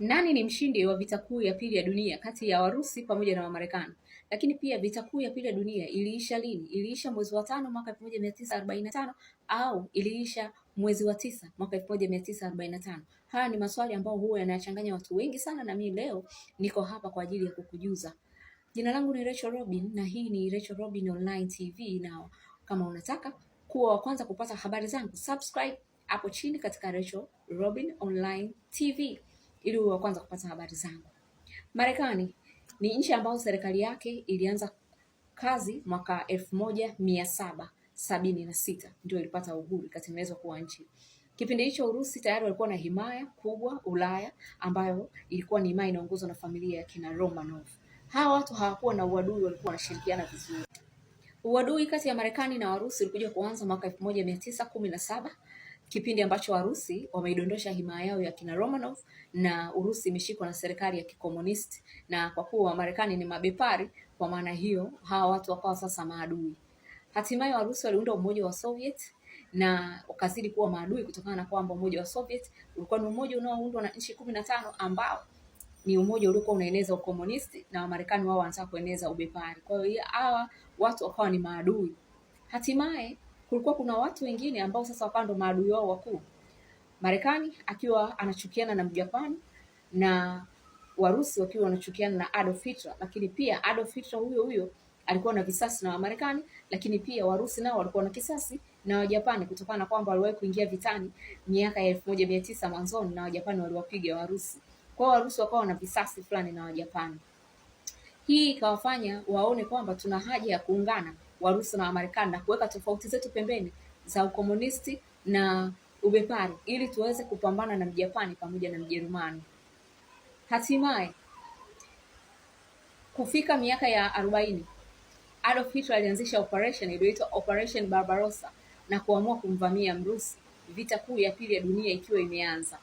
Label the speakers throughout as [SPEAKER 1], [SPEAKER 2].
[SPEAKER 1] Nani ni mshindi wa vita kuu ya pili ya dunia kati ya Warusi pamoja na Wamarekani? Lakini pia vita kuu ya pili ya dunia iliisha lini? Iliisha mwezi wa tano mwaka 1945 au iliisha mwezi wa tisa mwaka 1945? Haya ni maswali ambayo huwa yanachanganya watu wengi sana, na mimi leo niko hapa kwa ajili ya kukujuza. Jina langu ni Rachel Robin na hii ni Rachel Robin Online TV, na kama unataka kuwa wa kwanza kupata habari zangu, subscribe hapo chini katika Rachel Robin Online TV ili uwe wa kwanza kupata habari zangu. Marekani ni nchi ambayo serikali yake ilianza kazi mwaka elfu moja mia saba sabini na sita ndio ilipata uhuru ikatengenezwa kuwa nchi. Kipindi hicho Urusi tayari walikuwa na himaya kubwa Ulaya, ambayo ilikuwa ni himaya inaongozwa na familia ya kina Romanov. Hawa watu hawakuwa na uadui, walikuwa wanashirikiana vizuri. Uadui kati ya Marekani na Warusi ulikuja kuanza mwaka elfu moja mia tisa kumi na saba kipindi ambacho Warusi wameidondosha himaya yao ya kina Romanov na Urusi imeshikwa na serikali ya kikomunisti, na kwa kuwa Wamarekani ni mabepari, kwa maana hiyo hawa watu wakawa sasa maadui. Hatimaye Warusi waliunda umoja wa Soviet na ukazidi kuwa maadui kutokana na kwamba umoja wa Soviet ulikuwa ni umoja unaoundwa na nchi kumi na tano ambao ni umoja uliokuwa unaeneza ukomunisti na Wamarekani wao wanataka kueneza ubepari. Kwa hiyo hawa watu wakawa ni maadui hatimaye kulikuwa kuna watu wengine ambao sasa wakawa ndo maadui wao wakuu, Marekani akiwa anachukiana na Mjapani na Warusi wakiwa wanachukiana na Adolf Hitler, lakini pia Adolf Hitler huyo huyo alikuwa na visasi na Wamarekani, lakini pia Warusi nao walikuwa na kisasi na Wajapani kutokana na kwamba waliwahi kuingia vitani miaka ya elfu moja mia tisa mwanzoni na Wajapani waliwapiga Warusi. Kwa hiyo Warusi wakawa na visasi fulani na Wajapani. Hii ikawafanya waone kwamba tuna haja ya kuungana Warusi na Wamarekani na kuweka tofauti zetu pembeni za ukomunisti na ubepari ili tuweze kupambana na Mjapani pamoja na Mjerumani. Hatimaye kufika miaka ya arobaini, Adolf Hitler alianzisha operation iliyoitwa Operation Barbarossa na kuamua kumvamia Mrusi, vita kuu ya pili ya dunia ikiwa imeanza,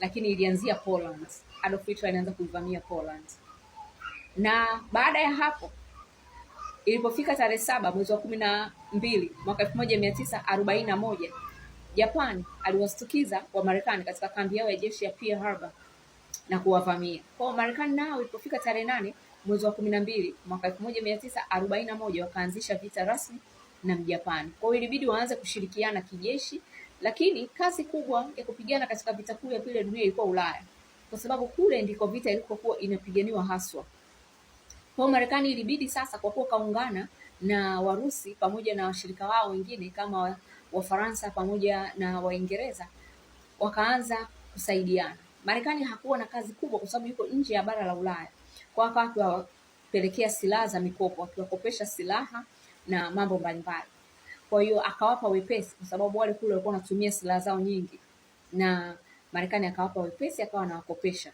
[SPEAKER 1] lakini ilianzia Poland. Adolf Hitler alianza kuivamia Poland na baada ya hapo Ilipofika tarehe saba mwezi wa kumi na mbili mwaka elfu moja mia tisa arobaini na moja Japan wa Wamarekani katika kambi yao ya jeshi ya Pearl Harbor na kuwavamia. Kwa Marekani nao ilipofika tarehe nane mwezi wa kumi na mbili mwaka elfu moja mia tisa arobaini na moja wakaanzisha vita rasmi na Mjapani. Kwa hiyo ilibidi waanze kushirikiana kijeshi, lakini kazi kubwa ya kupigana katika vita kuu ya pili ya dunia ilikuwa Ulaya, kwa sababu kule ndiko vita ilikokuwa inapiganiwa haswa. Kwa Marekani ilibidi sasa, kwa kuwa kaungana na Warusi pamoja na washirika wao wengine kama Wafaransa pamoja na Waingereza, wakaanza kusaidiana. Marekani hakuwa na kazi kubwa kwa sababu yuko nje ya bara la Ulaya, kwa hiyo akiwapelekea silaha za mikopo, akiwakopesha silaha na mambo mbalimbali. Kwa hiyo akawapa wepesi, kwa sababu wale kule walikuwa wanatumia silaha zao nyingi, na Marekani akawapa wepesi, akawa anawakopesha.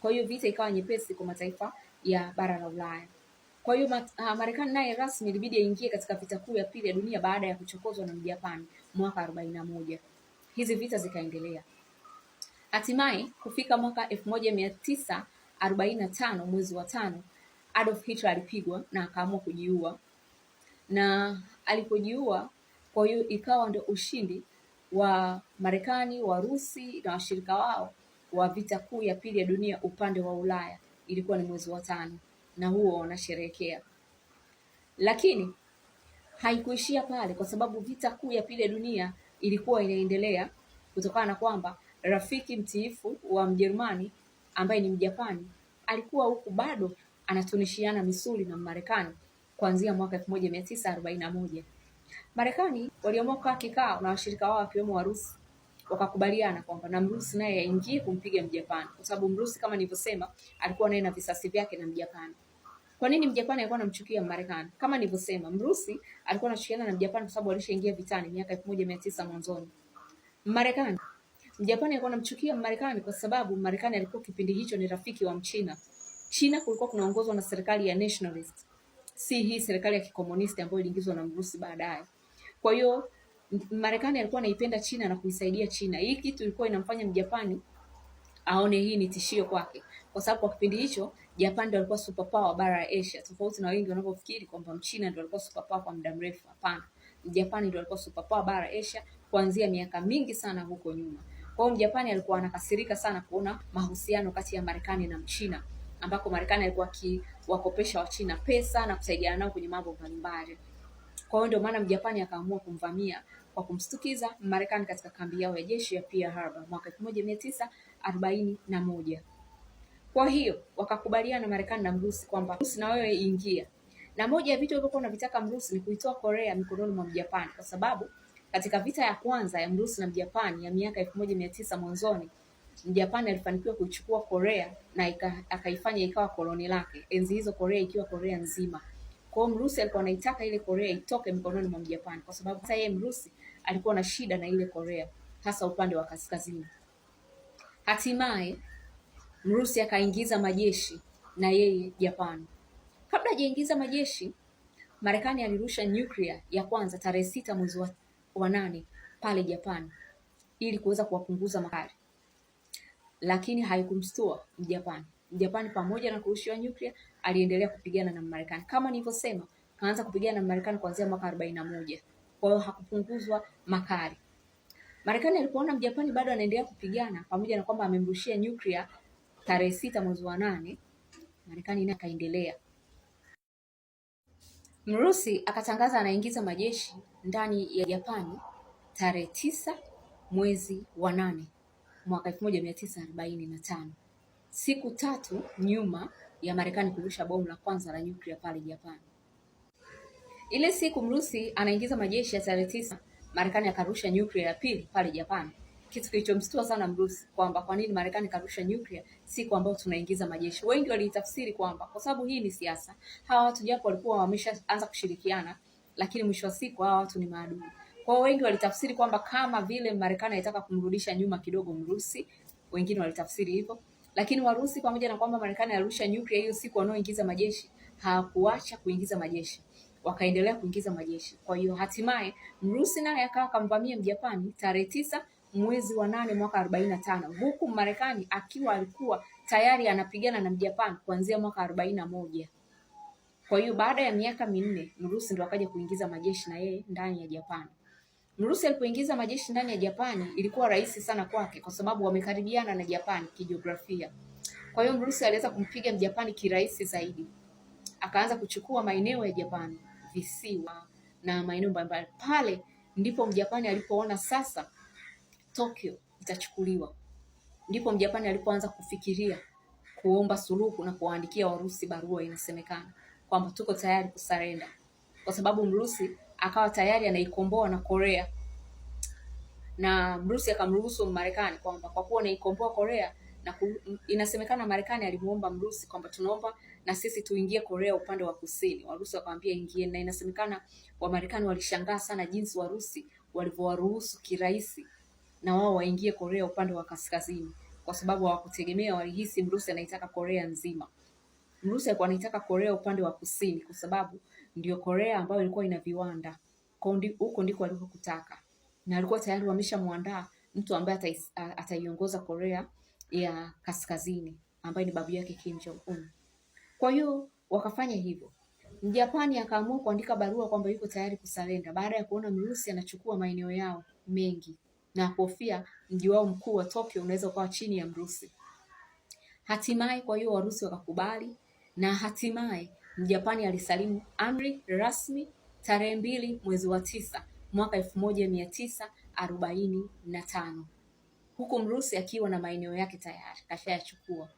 [SPEAKER 1] Kwa hiyo vita ikawa nyepesi kwa mataifa ya bara la Ulaya. Kwa hiyo uh, Marekani naye rasmi ilibidi aingie katika vita kuu ya pili ya dunia baada ya kuchokozwa na Mjapani mwaka arobaini na moja. Hizi vita zikaendelea hatimaye kufika mwaka elfu moja mia tisa arobaini na tano mwezi wa tano Adolf Hitler alipigwa na akaamua kujiua, na alipojiua, kwa hiyo ikawa ndio ushindi wa Marekani, Warusi na washirika wao wa vita kuu ya pili ya dunia upande wa Ulaya ilikuwa ni mwezi wa tano na huo wanasherehekea, lakini haikuishia pale, kwa sababu vita kuu ya pili ya dunia ilikuwa inaendelea kutokana na kwamba rafiki mtiifu wa Mjerumani ambaye ni Mjapani alikuwa huku bado anatunishiana misuli na Marekani kuanzia mwaka mia tisa arobaini na moja Marekani waliamua kukaa kikao na washirika wao wakiwemo Warusi wakakubaliana kwamba na Mrusi naye aingie kumpiga Mjapani, kwa sababu Mrusi kama nilivyosema alikuwa naye na visasi vyake na Mjapani. Kwa nini Mjapani alikuwa anamchukia Marekani? Kama nilivyosema, Mrusi alikuwa anachukiana na Mjapani kwa sababu alishaingia vitani miaka elfu moja mia tisa mwanzoni. Marekani, Mjapani alikuwa anamchukia Marekani kwa sababu Marekani alikuwa kipindi hicho ni rafiki wa Mchina. China kulikuwa kunaongozwa na serikali ya nationalist, si hii serikali ya kikomunisti ambayo iliingizwa na Mrusi baadaye. Kwa hiyo Marekani alikuwa anaipenda China na kuisaidia China. Hii kitu ilikuwa inamfanya Mjapani aone hii ni tishio kwake, kwa sababu kwa kipindi hicho Japan ndio alikuwa super superpower bara ya Asia, tofauti na wengi wanavyofikiri kwamba Mchina ndio alikuwa super power kwa muda mrefu. Hapana, Japani ndio alikuwa super power bara ya Asia kuanzia miaka mingi sana huko nyuma. Kwa hiyo Mjapani alikuwa anakasirika sana kuona mahusiano kati ya Marekani na Mchina, ambako Marekani alikuwa akiwakopesha Wachina pesa na kusaidiana nao kwenye mambo mbalimbali. Kwa hiyo ndio maana Mjapani akaamua kumvamia kwa kumstukiza Marekani katika kambi yao ya jeshi ya Pearl Harbor mwaka moja. Kwa hiyo wakakubaliana Marekani na Mrusi kwamba Mrusi na wewe ingia, na moja ya vitu walivyokuwa wanavitaka Mrusi ni kuitoa Korea mikononi mwa Mjapani, kwa sababu katika vita ya kwanza ya Mrusi na Mjapani ya miaka elfu moja mia tisa mwanzoni Mjapani alifanikiwa kuichukua Korea na akaifanya ikawa koloni lake, enzi hizo Korea ikiwa Korea nzima. Kwa hiyo Mrusi alikuwa anaitaka ile Korea itoke mikononi mwa Mjapani kwa sababu sasa yeye Mrusi alikuwa na shida na ile Korea hasa upande wa kaskazini. Hatimaye Mrusi akaingiza majeshi na yeye japan Kabla hajaingiza majeshi, Marekani alirusha nuclear ya kwanza tarehe sita mwezi wa, nane pale japan ili kuweza kuwapunguza makali, lakini haikumstua Mjapani. Mjapani pamoja na kurushiwa nuclear aliendelea kupigana na Marekani. Kama nilivyosema, kaanza kupigana na Marekani kuanzia mwaka arobaini moja. Kwa hiyo hakupunguzwa makali. Marekani alipoona Mjapani bado anaendelea kupigana pamoja na kwamba amemrushia nyuklia tarehe sita mwezi wa nane, Marekani ina kaendelea. Mrusi akatangaza anaingiza majeshi ndani ya Japani tarehe tisa mwezi wa nane mwaka elfu moja mia tisa arobaini siku tatu nyuma ya Marekani kurusha bomu la kwanza la nyuklia pale Japan. Ile siku Mrusi anaingiza majeshi ya tarehe tisa, Marekani akarusha nyuklia ya pili pale Japan, kitu kilichomstua sana Mrusi kwamba kwa nini Marekani karusha nyuklia siku ambayo tunaingiza majeshi. Wengi walitafsiri kwamba kwa sababu hii ni siasa, hawa watu japo walikuwa wameshaanza kushirikiana, lakini mwisho wa siku hawa watu ni maadui. Kwa wengi walitafsiri kwamba kama vile Marekani alitaka kumrudisha nyuma kidogo Mrusi, wengine walitafsiri hivyo. Lakini Warusi pamoja na kwamba Marekani alirusha nyuklia hiyo siku, wanaoingiza majeshi hawakuacha kuingiza majeshi, wakaendelea kuingiza majeshi. Kwa hiyo hatimaye Mrusi naye akawa akamvamia Mjapani tarehe tisa mwezi wa nane mwaka arobaini na tano huku Marekani akiwa alikuwa tayari anapigana na Mjapani kuanzia mwaka arobaini na moja. Kwa hiyo baada ya miaka minne Mrusi ndo akaja kuingiza majeshi na yeye ndani ya Japani. Mrusi alipoingiza majeshi ndani ya Japani ilikuwa rahisi sana kwake kwa sababu wamekaribiana na Japani kijiografia. Kwa hiyo Mrusi aliweza kumpiga Mjapani kirahisi zaidi, akaanza kuchukua maeneo ya Japani, visiwa na maeneo mbalimbali. Pale ndipo Mjapani alipoona sasa Tokyo itachukuliwa, ndipo Mjapani alipoanza kufikiria kuomba suluhu na kuwaandikia Warusi barua, inasemekana kwamba tuko tayari kusarenda, kwa sababu Mrusi akawa tayari anaikomboa na Korea na Bruce akamruhusu Marekani kwamba kwa kuwa anaikomboa Korea na ku, inasemekana Marekani alimuomba Mrusi kwamba tunaomba na sisi tuingie Korea upande wa kusini. Warusi wakamwambia ingie, na inasemekana Wamarekani walishangaa sana jinsi Warusi walivyowaruhusu kirahisi na wao waingie Korea upande wa kaskazini, kwa sababu hawakutegemea, walihisi Mrusi anaitaka Korea nzima. Mrusi alikuwa anaitaka Korea upande wa kusini kwa sababu ndio Korea ambayo ilikuwa ina viwanda huko, ndiko alikokutaka, na alikuwa tayari wameshamwandaa mtu ambaye ataiongoza Korea ya Kaskazini ambaye ni babu yake Kim Jong Un. Kwa hiyo wakafanya hivyo. Mjapani akaamua kuandika barua kwamba yuko tayari kusalenda baada ya kuona Mrusi anachukua maeneo yao mengi na kuhofia mji wao mkuu wa Tokyo unaweza kuwa chini ya Mrusi. Hatimaye, kwa hiyo Warusi wakakubali na hatimaye Mjapani alisalimu amri rasmi tarehe mbili mwezi wa tisa mwaka elfu moja mia tisa arobaini na tano huku Mrusi akiwa na maeneo yake tayari kashayachukua.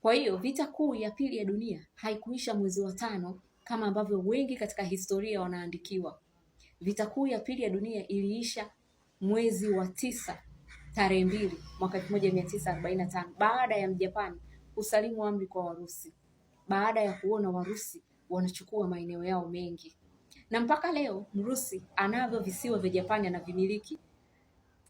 [SPEAKER 1] Kwa hiyo vita kuu ya pili ya dunia haikuisha mwezi wa tano kama ambavyo wengi katika historia wanaandikiwa. Vita kuu ya pili ya dunia iliisha mwezi wa tisa tarehe mbili mwaka tano baada ya Mjapani kusalimu amri kwa Warusi baada ya kuona Warusi wanachukua maeneo yao mengi, na mpaka leo Mrusi anavyo visiwa vya Japani anavimiliki,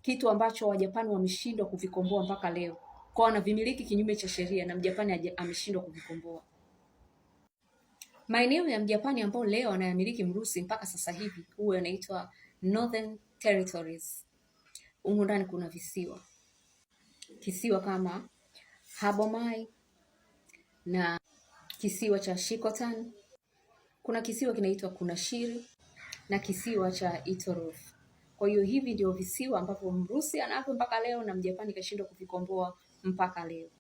[SPEAKER 1] kitu ambacho Wajapani wameshindwa kuvikomboa mpaka leo, kwa anavimiliki kinyume cha sheria na Mjapani ameshindwa kuvikomboa maeneo ya Mjapani ambayo leo anayamiliki Mrusi mpaka sasa hivi, huwa yanaitwa Northern Territories. Humu ndani kuna visiwa, kisiwa kama Habomai na kisiwa cha Shikotan, kuna kisiwa kinaitwa Kunashiri na kisiwa cha Itorof. Kwa hiyo hivi ndio visiwa ambavyo Mrusi anavyo mpaka leo na Mjapani kashindwa kuvikomboa mpaka leo.